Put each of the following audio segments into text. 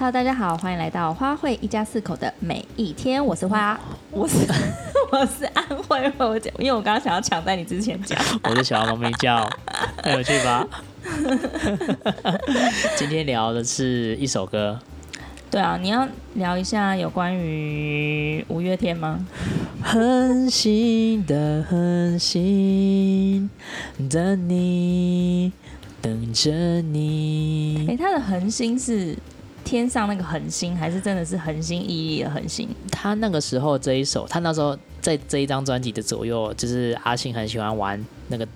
Hello，大家好，歡迎來到花卉一家四口的每一天。我是花，嗯、我是我是安徽，我講，因為我剛剛想要搶在你之前講。 我是小，小貓咪叫， 有去趣吧？ 今天聊的是一首歌。對啊，你要聊一下有關於五月天嗎？恆星的恆心，等你，等着你。哎、欸，他的恆心是。天上那個恆星，還是真的是恆心毅力的恆心？他那個時候這一首，他那時候在這一張專輯的左右，就是阿信很喜歡玩那個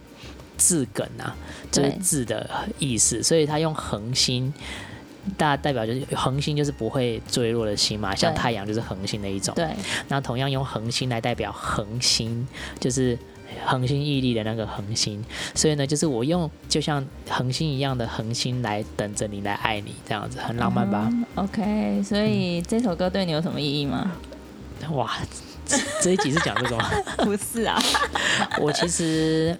字梗啊，就是字的意思，所以他用恆星，大代表就是恆星就是不會墜落的星嘛，像太陽就是恆星的一種。對，那同樣用恆星來代表恆心，就是。恆心毅力的那個恆心，所以呢，就是我用就像恆星一樣的恆心來等着你來愛你，這樣子很浪漫吧？嗯，OK，所以這首歌對你有什麼意義嗎？哇，這一集是講這個嗎？ 不是啊 ，我其實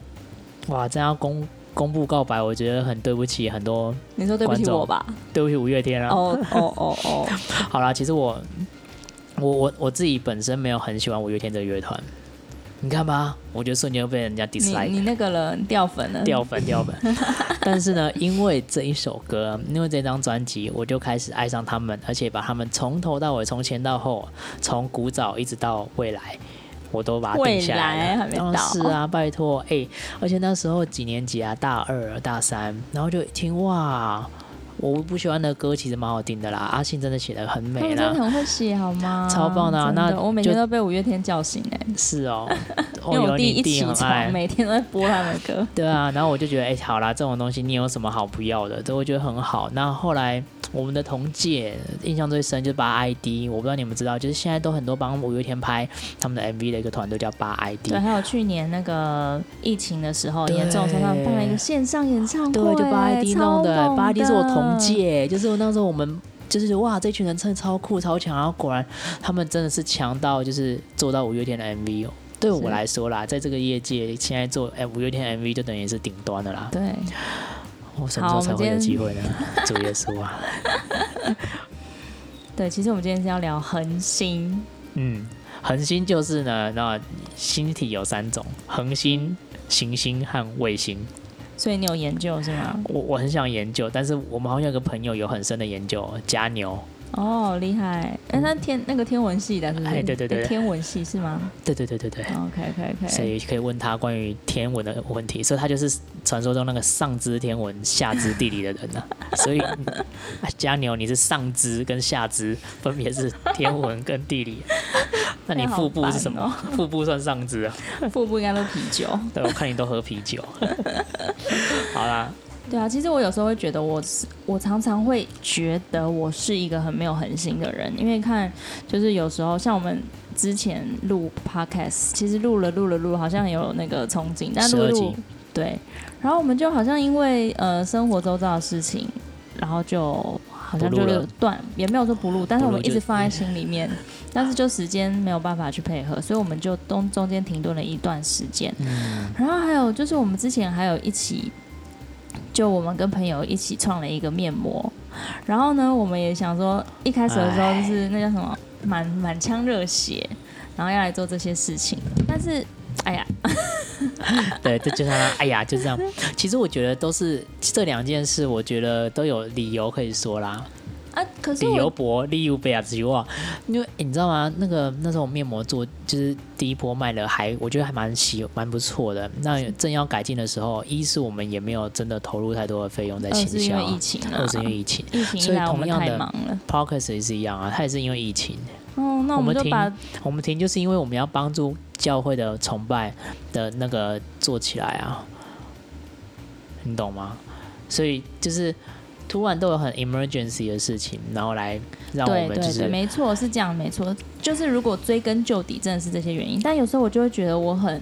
哇，這樣公公布告白，我覺得很對不起很多，你說對不起我吧？對不起五月天啊！哦哦哦哦，好啦，其實我我我我自己本身沒有很喜歡五月天的樂團。你看吧，我覺得瞬間又被人家 diss 了。你那個人掉粉了。掉粉掉粉。 但是呢，因為這一首歌，因為這張專輯，我就開始愛上他們，而且把他們從頭到尾，從前到後，從古早一直到未來，我都把它定下來了。未來還沒到。是啊，拜託哎、欸！而且那時候幾年級啊？大二大三，然後就一聽哇。我不喜歡的歌其實蠻好聽的啦，阿信真的寫得很美啦，他們真的很會寫好嗎？超棒的啊，那我每天都被五月天叫醒欸，是哦， 哦，因為我弟一起床每天都在播他的歌， 對啊，然後我就覺得欸，好啦，這種東西你有什麼好不要的？都會覺得很好，那後來。我們的同屆印象最深就是八 ID，我不知道你們知道，就是現在都很多幫五月天拍他們的 MV 的一個團隊叫八 ID。對，還有去年那個疫情的時候，嚴重說他們辦了一個線上演唱會，對，對就八 ID 弄的，八 ID 是我同屆，就是我那時候我們就是哇，這群人真的超酷超強，然後果然他們真的是強到就是做到五月天的 MV，對我來說啦，在這個業界現在做哎五月天 MV 就等於是頂端的啦。對。我什麼時候才會有機會呢？主耶穌啊 ！對，其實我們今天是要聊恆星。嗯，恆星就是呢，那星體有三種：恆星、行星和衛星。所以你有研究是嗎？我我很想研究，但是我們好像有個朋友有很深的研究，加牛。哦，厲害！哎、欸，那天、嗯、那個天文系的是不是？哎，對對對、欸，天文系是嗎？對對對對對。OK，OK，OK。所以可以問他關於天文的問題，所以他就是傳說中那個上知天文下知地理的人吶。 所以加牛，你是上肢跟下肢分別是天文跟地理， 那你腹部是什麼？ 腹部算上肢啊？ 腹部應該都啤酒。 對我看你都喝啤酒。 好啦。對啊，其實我有時候會覺得我，我我常常會覺得我是一個很沒有恆心的人，因為看就是有時候像我們之前錄 Podcast，其實錄了錄了錄，好像有那個憧憬，但錄錄對，然後我們就好像因為呃生活周遭的事情，然後就好像就有斷錄了，也沒有說不錄，但是我們一直放在心裡面，嗯、但是就時間沒有辦法去配合，所以我們就中中間停頓了一段時間，嗯，然後還有就是我們之前還有一起。就我們跟朋友一起創了一個面膜，然後呢，我們也想說，一開始的時候就是那叫什麼滿滿腔熱血，然後要來做這些事情。但是，哎呀， 對，就就像，哎呀，就這樣。其實我覺得都是這兩件事，我覺得都有理由可以說啦。比尤博利尤貝爾茲哇，因為你知道嗎？那個那時候我面膜做就是第一波賣的還我覺得還蠻喜蠻不錯的。那正要改進的時候，一是我們也沒有真的投入太多的費用在營銷啊，二是因為疫情啊，因為疫情啊，疫情，所以同樣的，Parkers 也是一樣啊，他也是因為疫情。哦，那我們就把我們停，我們停就是因為我們要幫助教會的崇拜的那個做起來啊，你懂嗎？所以就是。突然都有很 emergency 的事情，然後來讓我們就是、對對對沒錯是這樣沒錯，就是如果追根究底真的是這些原因，但有時候我就會覺得我很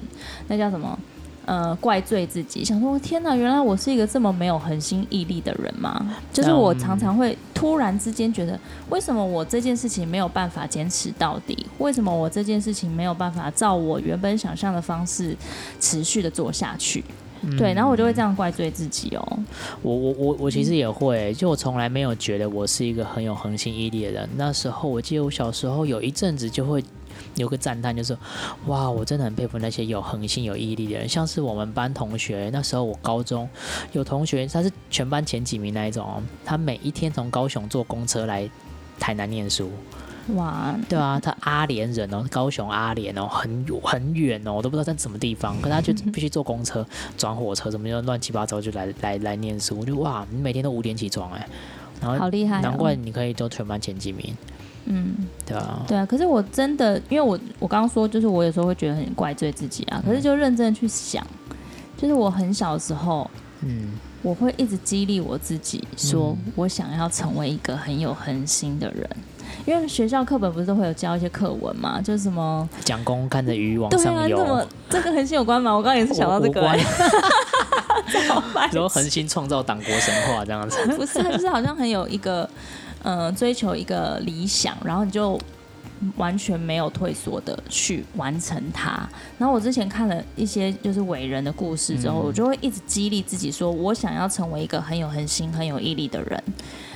那叫什麼呃怪罪自己，想說天哪，原來我是一個這麼沒有恆心毅力的人嗎？就是我常常會突然之間覺得，為什麼我這件事情沒有辦法堅持到底？為什麼我這件事情沒有辦法照我原本想象的方式持續的做下去？嗯、對，然後我就會這樣怪罪自己哦、喔。我我我我其實也會、欸，就我從來沒有覺得我是一個很有恆心毅力的人。那時候我記得我小時候有一陣子就會有個讚嘆，就是說哇，我真的很佩服那些有恆心有毅力的人。像是我們班同學，那時候我高中有同學，他是全班前幾名那一種，他每一天從高雄坐公車來台南念書。哇，對啊，他阿蓮人哦、喔，高雄阿蓮哦、喔，很很遠哦、喔，我都不知道在什麼地方，可他就必須坐公車轉火車什麼，樣亂七八糟就來來來念書。我就哇，你每天都五點起床哎、欸，然後好厲害、喔，難怪你可以做全班前幾名。嗯，對啊，對啊。可是我真的，因為我我剛剛說，就是我有時候會覺得很怪罪自己啊。可是就認真的去想、嗯，就是我很小的時候，嗯，我會一直激勵我自己，說我想要成為一個很有恆心的人。因為學校課本不是都會有教一些課文嘛，就是什麼蔣公看着魚往上游，對啊，這麼、個、這跟恆星有關嗎？我剛剛也是想到這個、欸，哈然後恆星創造黨國神話這樣子， 不是，就是好像很有一個嗯、呃、追求一個理想，然後你就。完全沒有退縮的去完成它。然後我之前看了一些就是偉人的故事之後，嗯、我就會一直激勵自己說，我想要成為一個很有恆心、很有毅力的人、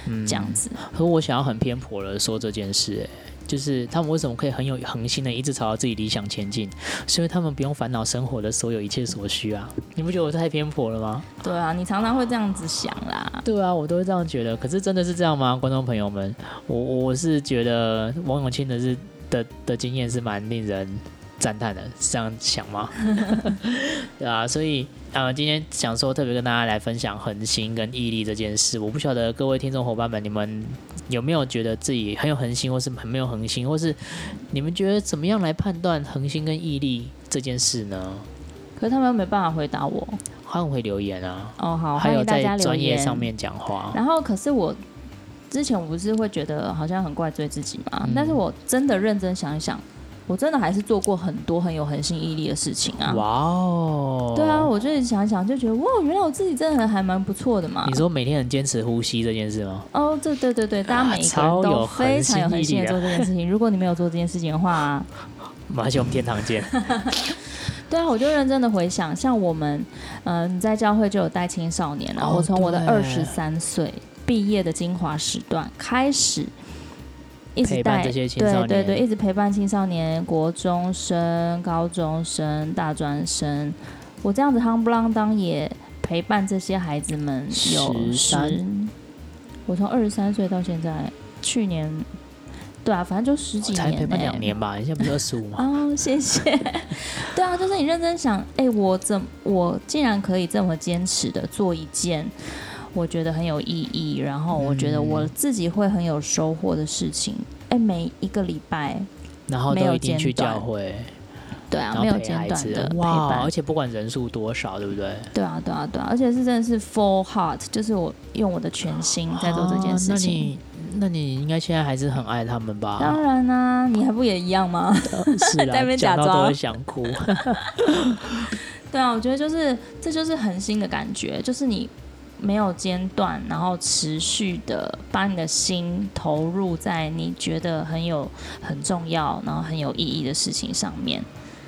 嗯，這樣子。和我想要很偏頗的說這件事，誒。就是他們為什麼可以很有恆心的一直朝著自己理想前進？是因為他們不用煩惱生活的所有一切所需啊。你不覺得我太偏頗了嗎？對啊，你常常會這樣子想啦。對啊，我都會這樣覺得。可是真的是這樣嗎？觀眾朋友們，我我是覺得王永慶的是的的經驗是蠻令人。讚嘆的是這樣想嗎？ 對啊，所以啊、呃，今天想說特別跟大家來分享恆心跟毅力這件事。我不曉得各位聽眾夥伴們，你們有沒有覺得自己很有恆心，或是很沒有恆心，或是你們覺得怎麼樣來判斷恆心跟毅力這件事呢？可是他們又沒辦法回答我。他們會留言啊。哦，好，還有在專業上面講話。然後可是我之前我不是會覺得好像很怪罪自己嗎、嗯？但是我真的認真想一想。我真的還是做過很多很有恆心毅力的事情啊！哇哦，對啊，我就是想想就覺得哇，原來我自己真的很還蠻不錯的嘛。你說每天很堅持呼吸這件事嗎？哦，對對對對，大家每一天都有非常有恆心的做這件事情。 如果你沒有做這件事情的話、啊，馬上天堂見。 對啊，我就認真的回想，像我們，嗯、呃，你在教會就有帶青少年啊。我從我的二十三歲、oh, 畢業的精華時段開始。一直陪伴青少年，對對對，一直陪伴青少年、國中生、高中生、大專生。我這樣子，夯不啷噹，噹也陪伴這些孩子們有三，我從二十三歲到現在，去年，對啊，反正就十幾年，欸，才陪伴兩年吧？你現在不是二十五嗎？啊、 oh,，謝謝。 對啊，就是你認真想，哎，欸，我怎我竟然可以這麼堅持的做一件我覺得很有意義，然後我覺得我自己會很有收穫的事情。哎、嗯，每一個禮拜，然後都一定去教會，對啊，沒有間斷的、啊、哇！而且不管人數多少，對不對？對啊，對啊，對啊！而且是真的是 full heart，就是我用我的全心在做這件事情、啊。那你，那你應該現在還是很愛他們吧？當然啦、啊，你還不也一樣嗎？ 對啊是啊， 講到都會想哭。 對啊，我覺得就是這就是恆心的感覺，就是你。沒有間斷，然後持續地把你的心投入在你覺得很有、很重要，然後很有意義的事情上面。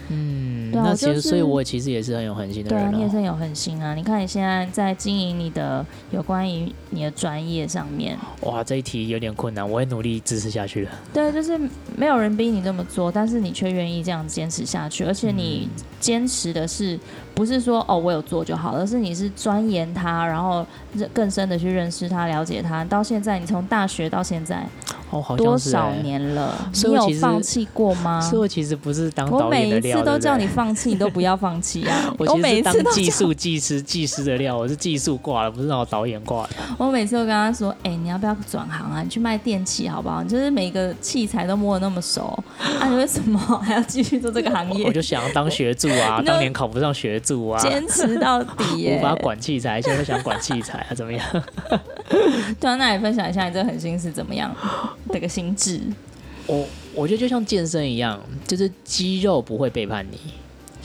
嗯。對、嗯、那其實、對啊、就是、所以我其實也是很有恆心的人喔、對啊。你也是很有恆心啊！你看你現在在經營你的有關於你的專業上面，哇，這一題有點困難，我會努力支持下去的。對，就是沒有人逼你這麼做，但是你卻願意這樣堅持下去，而且你堅持的是、嗯、不是說哦我有做就好，而是你是鑽研它，然後更深的去認識它、了解它。到現在，你從大學到現在，哦，好像是欸、多少年了，你有放棄過嗎？所以我其實不是當導演的料對不對。我每一次都叫你放棄你都不要放棄啊！ 我其實是當技術技師技師的料，我是技術掛了，不是讓我導演掛了。我每次都跟他說：“哎、欸，你要不要轉行啊？你去賣電器好不好？你就是每個器材都摸得那麼熟，啊，你為什麼還要繼續做這個行業？”我，我就想要當學助啊，當年考不上學助啊，堅持到底、欸，啊、我無法管器材，現在想管器材啊，怎麼樣？突 然、啊、那你分享一下你這個狠心是怎麼樣？這個心智， 我我覺得就像健身一樣，就是肌肉不會背叛你。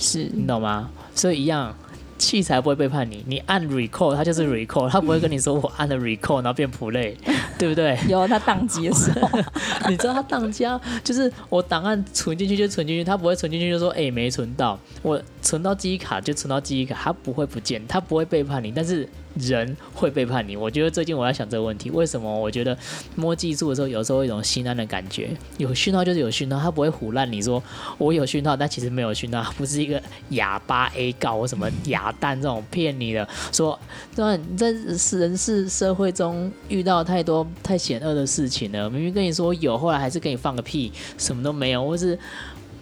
是你懂嗎？所以一樣，器材不會背叛你。你按 record，它就是 record，、嗯、它不會跟你說我按了 record 然後變 play，、嗯、對不對？有，它當機的時候， 你知道它當機啊？就是我檔案存進去就存進去，它不會存進去就說哎、欸、沒存到，我存到記憶卡就存到記憶卡，它不會不見，它不會背叛你，但是。人會背叛你，我覺得最近我在想這個問題，為什麼我覺得摸技術的時候，有時候有一種心安的感覺，有訊號就是有訊號，它不會唬爛。你說我有訊號，但其實沒有訊號，不是一個啞巴 A 告我什麼啞蛋這種騙你的，說對吧？這是人是社會中遇到太多太險惡的事情了，明明跟你說有，後來還是給你放個屁，什麼都沒有，或是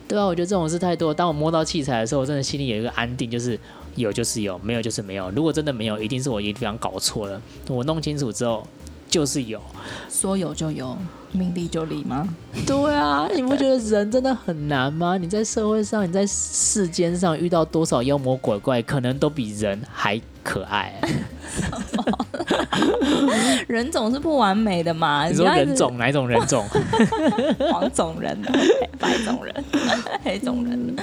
對吧、啊？我覺得這種事太多，當我摸到器材的時候，我真的心裡有一個安定，就是。有就是有，沒有就是沒有。如果真的沒有，一定是我一個地方搞錯了。我弄清楚之後，就是有。說有就有，命利就利嗎？ 對啊，你不覺得人真的很難嗎？你在社會上，你在世間上遇到多少妖魔鬼怪，可能都比人還可愛、欸。 什麼 人總是不完美的嘛。你說人種一，哪一種人種？ 黃種人的、okay, 白種人、黑種人、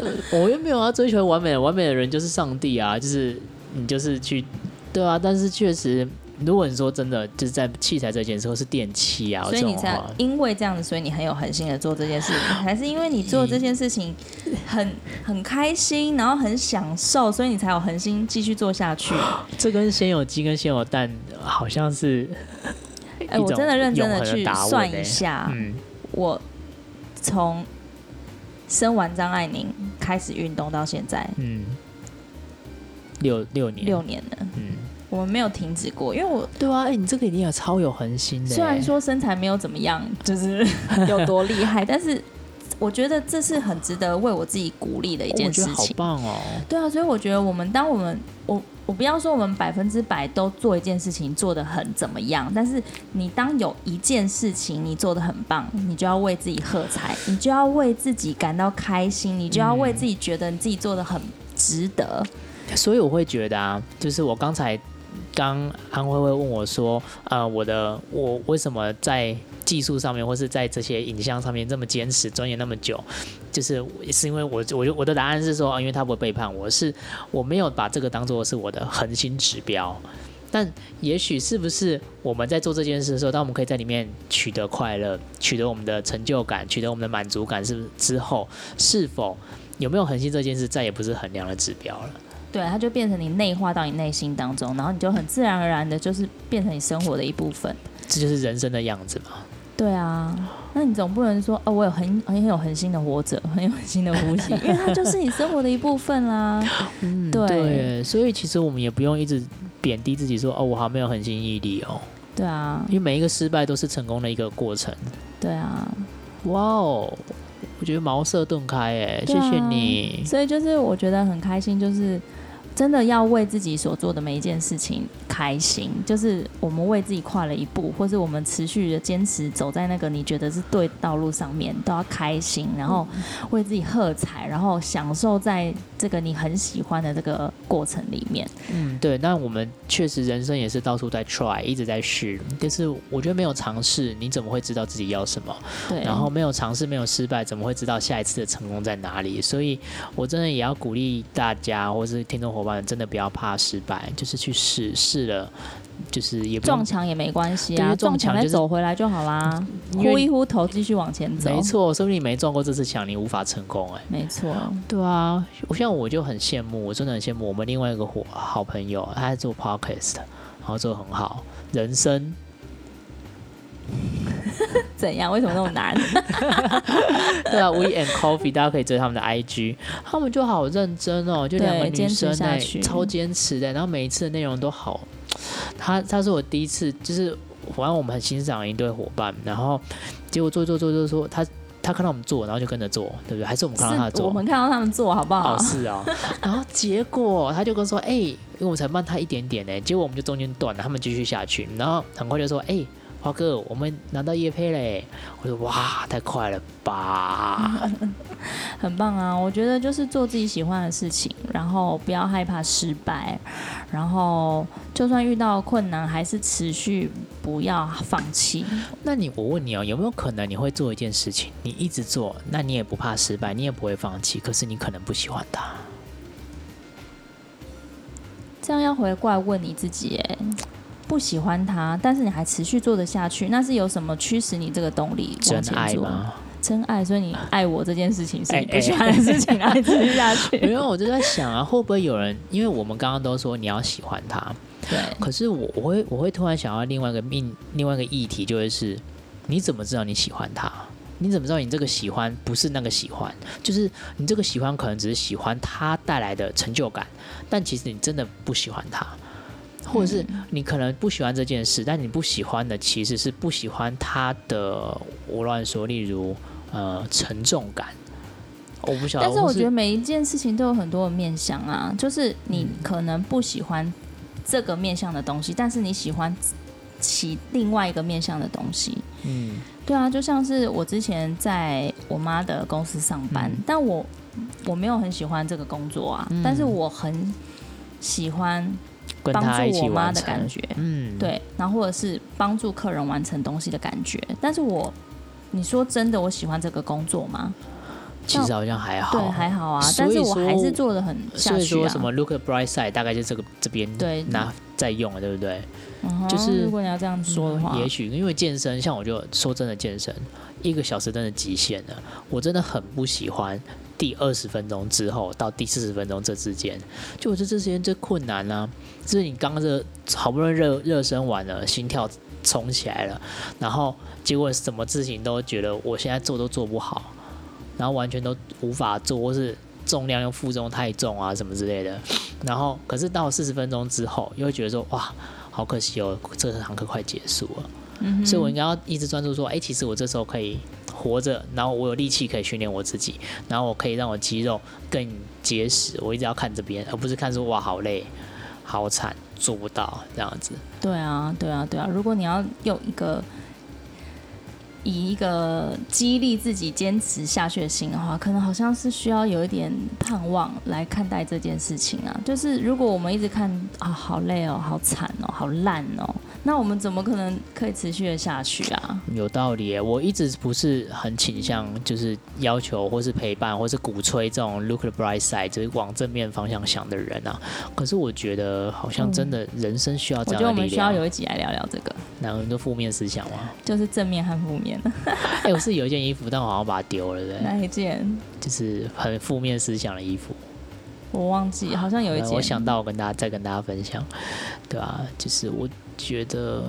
嗯。我又沒有要追求完美，完美的人就是上帝啊！就是你，就是去對啊。但是確實。如果你說真的，就是在器材這件事，或是電器啊，所以你才因為這樣子，所以你很有恆心的做這件事情，還是因為你做這件事情很、嗯、很開心，然後很享受，所以你才有恆心繼續做下去。這跟先有雞跟先有蛋好像是，哎、欸，我真的認真的去算一下，嗯，我從生完張愛玲開始運動到現在，嗯，六六年六年了，嗯。我沒有停止過，因為我對啊，哎，你這個一定要超有恆心的。雖然說身材沒有怎麼樣，就是有多厲害，但是我覺得這是很值得為我自己鼓勵的一件事情。好棒哦！對啊，所以我覺得我們，當我們，我我不要說我們百分之百都做一件事情做得很怎麼樣，但是你當有一件事情你做得很棒，你就要為自己喝彩，你就要為自己感到開心，你就要為自己覺得你自己做得很值得。所以我會覺得啊，就是我剛才。剛安薇薇問我說：“呃，我的我為什麼在技術上面或是在這些影像上面這麼堅持鑽研那麼久？就是是因為我，我我的答案是說啊，因為他不會背叛我，是，我沒有把這個當做是我的恆心指標。但也許是不是我們在做這件事的時候，當我們可以在裡面取得快樂、取得我們的成就感、取得我們的滿足感是之後，是否有沒有恆心這件事再也不是衡量的指標了？”對，它就變成你內化到你內心當中，然後你就很自然而然的，就是變成你生活的一部分。這就是人生的樣子嘛。對啊，那你總不能說哦，我有很很有恆心的活着，很有恆心的呼吸， 因為它就是你生活的一部分啦。嗯對，對。所以其實我們也不用一直貶低自己說，說哦，我還沒有恆心毅力哦。對啊，因為每一個失敗都是成功的一個過程。對啊。哇哦，我覺得茅塞頓開誒、啊，謝謝你。所以就是我覺得很開心，就是。真的要為自己所做的每一件事情開心，就是我們為自己跨了一步，或是我們持續的堅持走在那個你覺得是對道路上面，都要開心，然後為自己喝彩，然後享受在這個你很喜歡的這個過程裡面。嗯，對。那我們確實人生也是到處在 try，一直在試。但是我覺得沒有嘗試，你怎麼會知道自己要什麼？對。然後沒有嘗試，沒有失敗，怎麼會知道下一次的成功在哪裡？所以我真的也要鼓勵大家，或是聽眾玩真的不要怕失敗，就是去試試了，就是也撞牆也沒關係啊，撞牆再、就是、走回來就好啦，呼一呼頭繼續往前走。沒錯，說不定你沒撞過這次牆，你無法成功哎、欸。沒錯，對啊，我像我就很羨慕，我真的很羨慕我們另外一個好朋友，他在做 podcast，然後做得很好，人生。 怎樣？為什麼那麼難？對 啊 ，We and Coffee，大家可以追他們的 IG，他們就好認真哦、喔，就兩個女生在、欸、超堅持的、欸，然後每一次的內容都好。他他是我第一次就是玩，我們很欣賞一對夥伴，然後結果做做做做做，他他看到我們做，然後就跟着做，對不對？還是我們看到他做？我們看到他們做好不好？好是啊、喔。 然後結果他就跟說：“哎、欸，因為我們才慢他一點點呢、欸，結果我們就中間斷了，他們繼續下去，然後很快就說：哎、欸。”華哥，我們拿到業配嘞！我說哇，太快了吧！嗯，很棒啊，我覺得就是做自己喜歡的事情，然後不要害怕失敗，然後就算遇到困難，還是持續不要放棄。那你我問你哦喔，有沒有可能你會做一件事情，你一直做，那你也不怕失敗，你也不會放棄，可是你可能不喜歡他。這樣要回過來問你自己哎。不喜歡他，但是你還持續做得下去，那是有什麼驅使你這個動力往前做？真愛嗎？真愛。所以你愛我這件事情是你不喜歡的事情？啊欸欸欸欸， 還持續下去？沒有，我就在想啊，會不會有人？因為我們剛剛都說你要喜歡他，對。可是我我會我會突然想到另外一個命，另外一個議題就會是：你怎麼知道你喜歡他？你怎麼知道你這個喜歡不是那個喜歡？就是你這個喜歡可能只是喜歡他帶來的成就感，但其實你真的不喜歡他。或者是你可能不喜歡這件事，但你不喜歡的其實是不喜歡他的。我亂說，例如呃，沉重感，我不曉得。但是我覺得每一件事情都有很多的面向啊、嗯，就是你可能不喜歡這個面向的東西，但是你喜歡其另外一個面向的東西。嗯，對啊，就像是我之前在我媽的公司上班，嗯、但我我沒有很喜歡這個工作啊，嗯、但是我很喜歡。幫助我媽的感覺，嗯，對，然後或者是幫助客人完成東西的感覺。但是我，你說真的，我喜歡這個工作嗎？其實好像還好，對，還好啊。但是我還是做的很下去啊，所以說什麼 look at bright side，大概就這個這邊對，那在用，對不對？Uh -huh, 就是如果你要這樣說的話，也許因為健身，像我就說真的，健身一個小時真的極限了，我真的很不喜歡。第二十分鐘之後到第四十分鐘這之間，就我覺得這時間最困難呢，就是你剛剛這好不容易熱熱身完了，心跳衝起來了，然後結果什麼事情都覺得我現在做都做不好，然後完全都無法做，或是重量又負重太重啊什麼之類的，然後可是到四十分鐘之後，又會覺得說哇，好可惜哦，這堂課快結束了，嗯，所以我應該要一直專注說，欸，其實我這時候可以。活着，然後，我有力氣可以訓練我自己，然後我可以讓我肌肉更結實。我一直要看這邊，而不是看說哇，好累，好慘，做不到這樣子。對啊，對啊，對啊。如果你要用一個以一個激勵自己堅持下去的心的話，可能好像是需要有一點盼望來看待這件事情啊。就是如果我們一直看啊，好累哦、喔，好慘哦、喔，好爛哦、喔。那我們怎麼可能可以持續的下去啊？有道理，我一直不是很傾向就是要求或是陪伴或是鼓吹這種 look the bright side，就是往正面方向想的人啊。可是我覺得好像真的人生需要這樣的、嗯。我覺得我們需要有一集來聊聊這個。我們多負面思想嗎、啊？就是正面和負面。哎 欸，我是有一件衣服，但我好像把它丟了，對不對？哪一件？就是很負面思想的衣服。我忘記，好像有一件。我想到，我跟大家再跟大家分享，對吧、啊？就是我。覺得，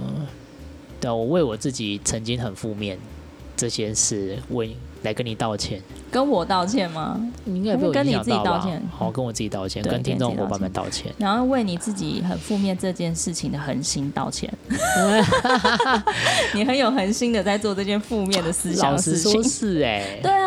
但我為我自己曾經很負面這些事，為來跟你道歉。跟我道歉嗎？你應該不跟你自己道歉。好，跟我自己道歉，跟聽眾夥伴們道歉，道歉，然後為你自己很負面這件事情的恆心道歉。 你很有恆心的在做這件負面的思想事情，老實說是哎、欸，對啊。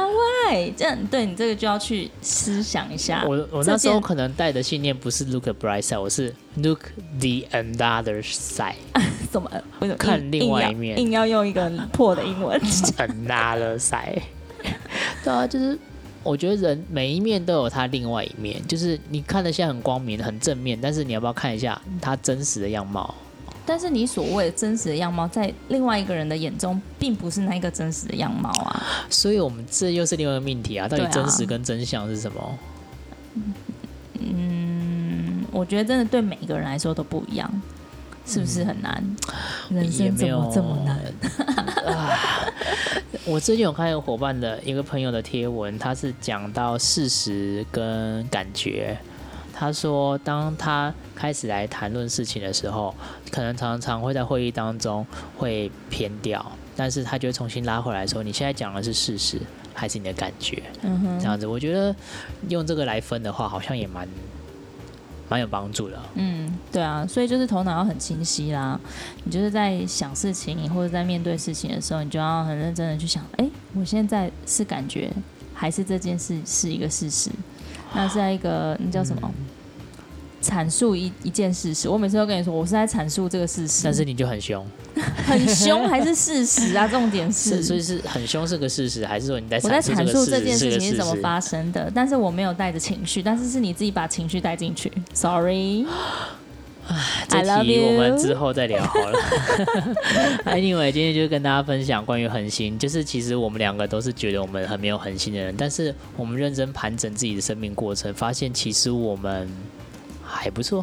對，這樣對你這個就要去思想一下。我我那時候可能帶的信念不是 Look Bright Side，我是 Look the Another Side，啊。什麼，什麼？看另外一面。硬，硬要用一個很破的英文。Another Side。 對啊，就是我覺得人每一面都有他另外一面，就是你看得現在很光明，很正面，但是你要不要看一下他真實的樣貌？但是你所謂的真實的樣貌，在另外一個人的眼中，並不是那個真實的樣貌啊。所以，我們這又是另外一個命題啊！到底真實跟真相是什麼？啊、嗯，我覺得真的對每一個人來說都不一樣，嗯、是不是很難？也人生沒有這麼難啊？ 我最近有看一個夥伴的一個朋友的貼文，他是講到事實跟感覺。他說，當他開始來談論事情的時候，可能常常會在會議當中會偏掉，但是他就會重新拉回來說，說你現在講的是事實，還是你的感覺、嗯哼？這樣子，我覺得用這個來分的話，好像也蠻蠻有幫助的。嗯，對啊，所以就是頭腦要很清晰啦。你就是在想事情，或者在面對事情的時候，你就要很認真的去想，哎、欸，我現在是感覺，還是這件事是一個事實？那下一個，你叫什麼？嗯、闡述一一件事實。我每次都跟你說，我是在闡述這個事實。但是你就很兇， 很兇還是事實啊？重點是，所以是，是，是很兇是個事實，還是說你在我在闡述這件事情是怎麼發生的？但是我沒有帶着情緒，但是是你自己把情緒帶進去。Sorry。 啊，這題我們之後再聊好了。 Anyway，今天就跟大家分享關於恆心，就是其實我們兩個都是覺得我們很沒有恆心的人，但是我們認真盤整自己的生命過程，發現其實我們還不錯，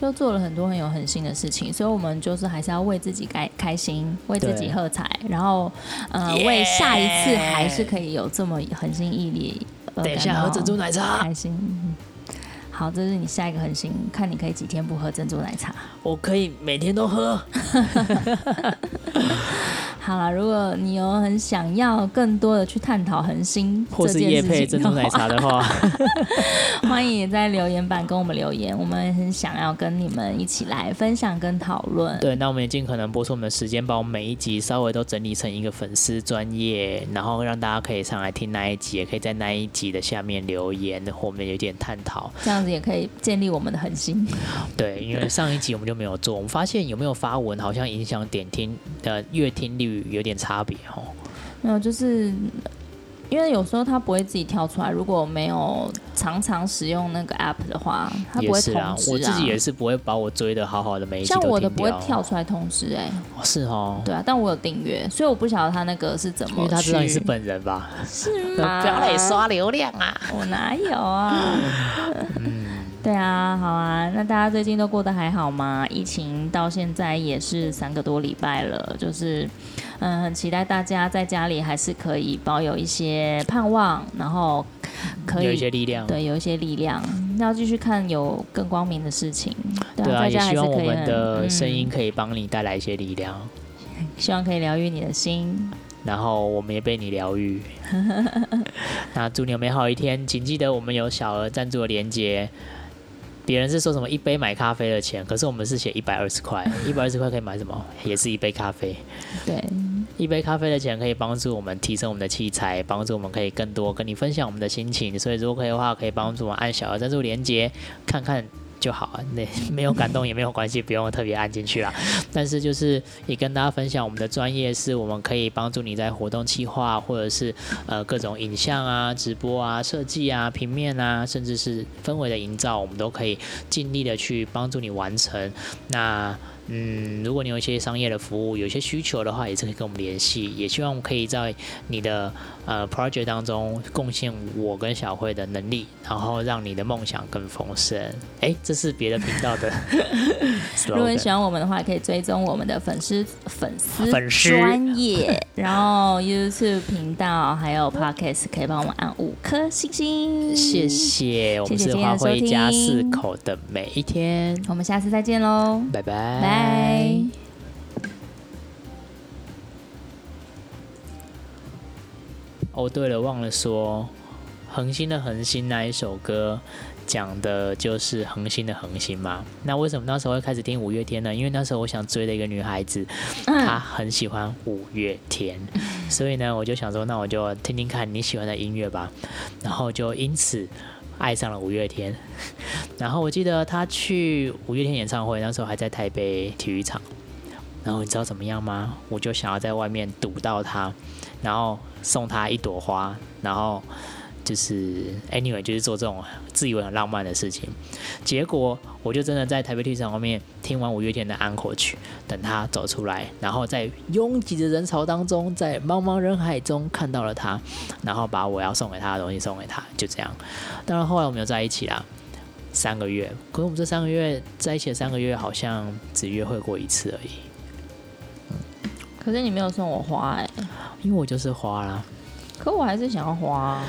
就做了很多很有恆心的事情。所以，我們就是還是要為自己開開心，為自己喝彩，然後呃，yeah! 為下一次還是可以有這麼恆心毅力，等一下喝珍珠奶茶開心。嗯好，這是你下一個恆心，看你可以幾天不喝珍珠奶茶。我可以每天都喝。 好了，如果你有很想要更多的去探討恆星或是業配珍珠奶茶的話， 歡迎在留言板跟我們留言，我們很想要跟你們一起來分享跟討論。對，那我們也盡可能播出我們的時間，把我們每一集稍微都整理成一個粉絲專頁，然後讓大家可以上來聽那一集，也可以在那一集的下面留言，然後我們有點探討，這樣子也可以建立我們的恆星。對，因為上一集我們就沒有做，我們發現有沒有發文好像影響點聽的月聽率。有點差別哦，沒有，就是因為有時候他不會自己跳出來，如果沒有常常使用那個 app 的話，他不會通知、啊啊、我自己也是不會把我追得好好的沒、哦、像我的不會跳出來通知，哎，是哦，對啊，但我有訂閱，所以我不曉得他那個是怎麼。因為他知道你是本人吧？是嗎？不要來刷流量啊！我哪有啊？ 嗯對啊，好啊，那大家最近都過得還好嗎？疫情到現在也是三個多禮拜了，就是，嗯，很期待大家在家裡還是可以保有一些盼望，然後可以有一些力量，對，有一些力量，要繼續看有更光明的事情。對啊，大、啊、家還是可以，也希望我們的聲音可以幫你帶來一些力量，嗯、希望可以療癒你的心，然後我們也被你療癒。 那祝你有美好一天，請記得我們有小額贊助的連結。別人是說什麼一杯買咖啡的錢，可是我們是寫一百二十塊，一百二十塊可以買什麼？也是一杯咖啡。對，一杯咖啡的錢可以幫助我們提升我們的器材，幫助我們可以更多跟你分享我們的心情。所以如果可以的話，可以幫助我們按小額贊助連結看看。就好啊，那沒有感動也沒有關係， 不用特別按進去啦。但是就是也跟大家分享，我們的專業是我們可以幫助你在活動企劃或者是呃各種影像啊、直播啊、設計啊、平面啊，甚至是氛圍的營造，我們都可以盡力的去幫助你完成。那。嗯，如果你有一些商業的服務，有一些需求的話，也是可以跟我們聯繫。也希望我們可以在你的呃 project 當中貢獻我跟小慧的能力，然後讓你的夢想更豐盛。哎、欸，這是別的頻道的。 如果你喜歡我們的話，可以追蹤我們的粉絲粉絲粉絲專頁， 然後 YouTube 頻道還有 podcast 可以幫我們按五顆星星。謝謝，我們是花輝一家四口的每一天。謝謝今天的收聽。我們下次再見嘍，拜拜。拜。哦，對了，忘了說，《恆星的恆心》那一首歌，講的就是《恆星的恆心》嘛。那為什麼那時候會開始聽五月天呢？因為那時候我想追的一個女孩子，她很喜歡五月天，嗯、所以呢，我就想說，那我就聽聽看你喜歡的音樂吧。然後就因此。愛上了五月天，然後我記得他去五月天演唱會，那時候還在台北體育場，然後你知道怎麼樣嗎？我就想要在外面堵到他，然後送他一朵花，然後。就是，anyway，就是做這種自以為很浪漫的事情，結果我就真的在台北體育場外面聽完五月天的《安可曲》，等他走出來，然後在擁擠的人潮當中，在茫茫人海中看到了他，然後把我要送給他的東西送給他，就這樣。當然後來我們又在一起啦，三個月，可是我們這三個月在一起的三個月好像只約會過一次而已。可是你沒有送我花哎、欸，因為我就是花啦，可我還是想要花、啊。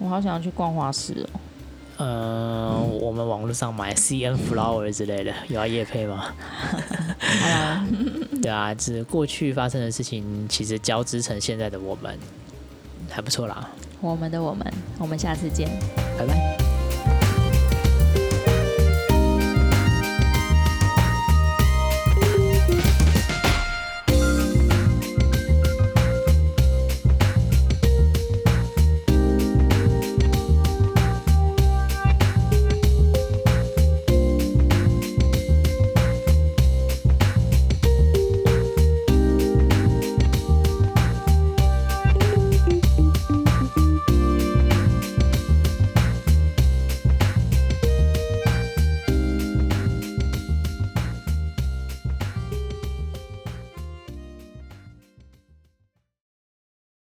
我好想要去逛花市哦，嗯！呃，我們網絡上買 C N Flower 之類的，有要業配嗎？ 好啊 對啊，只是過去發生的事情，其實交織成現在的我們，還不錯啦。我們的我們，我們下次見，拜拜。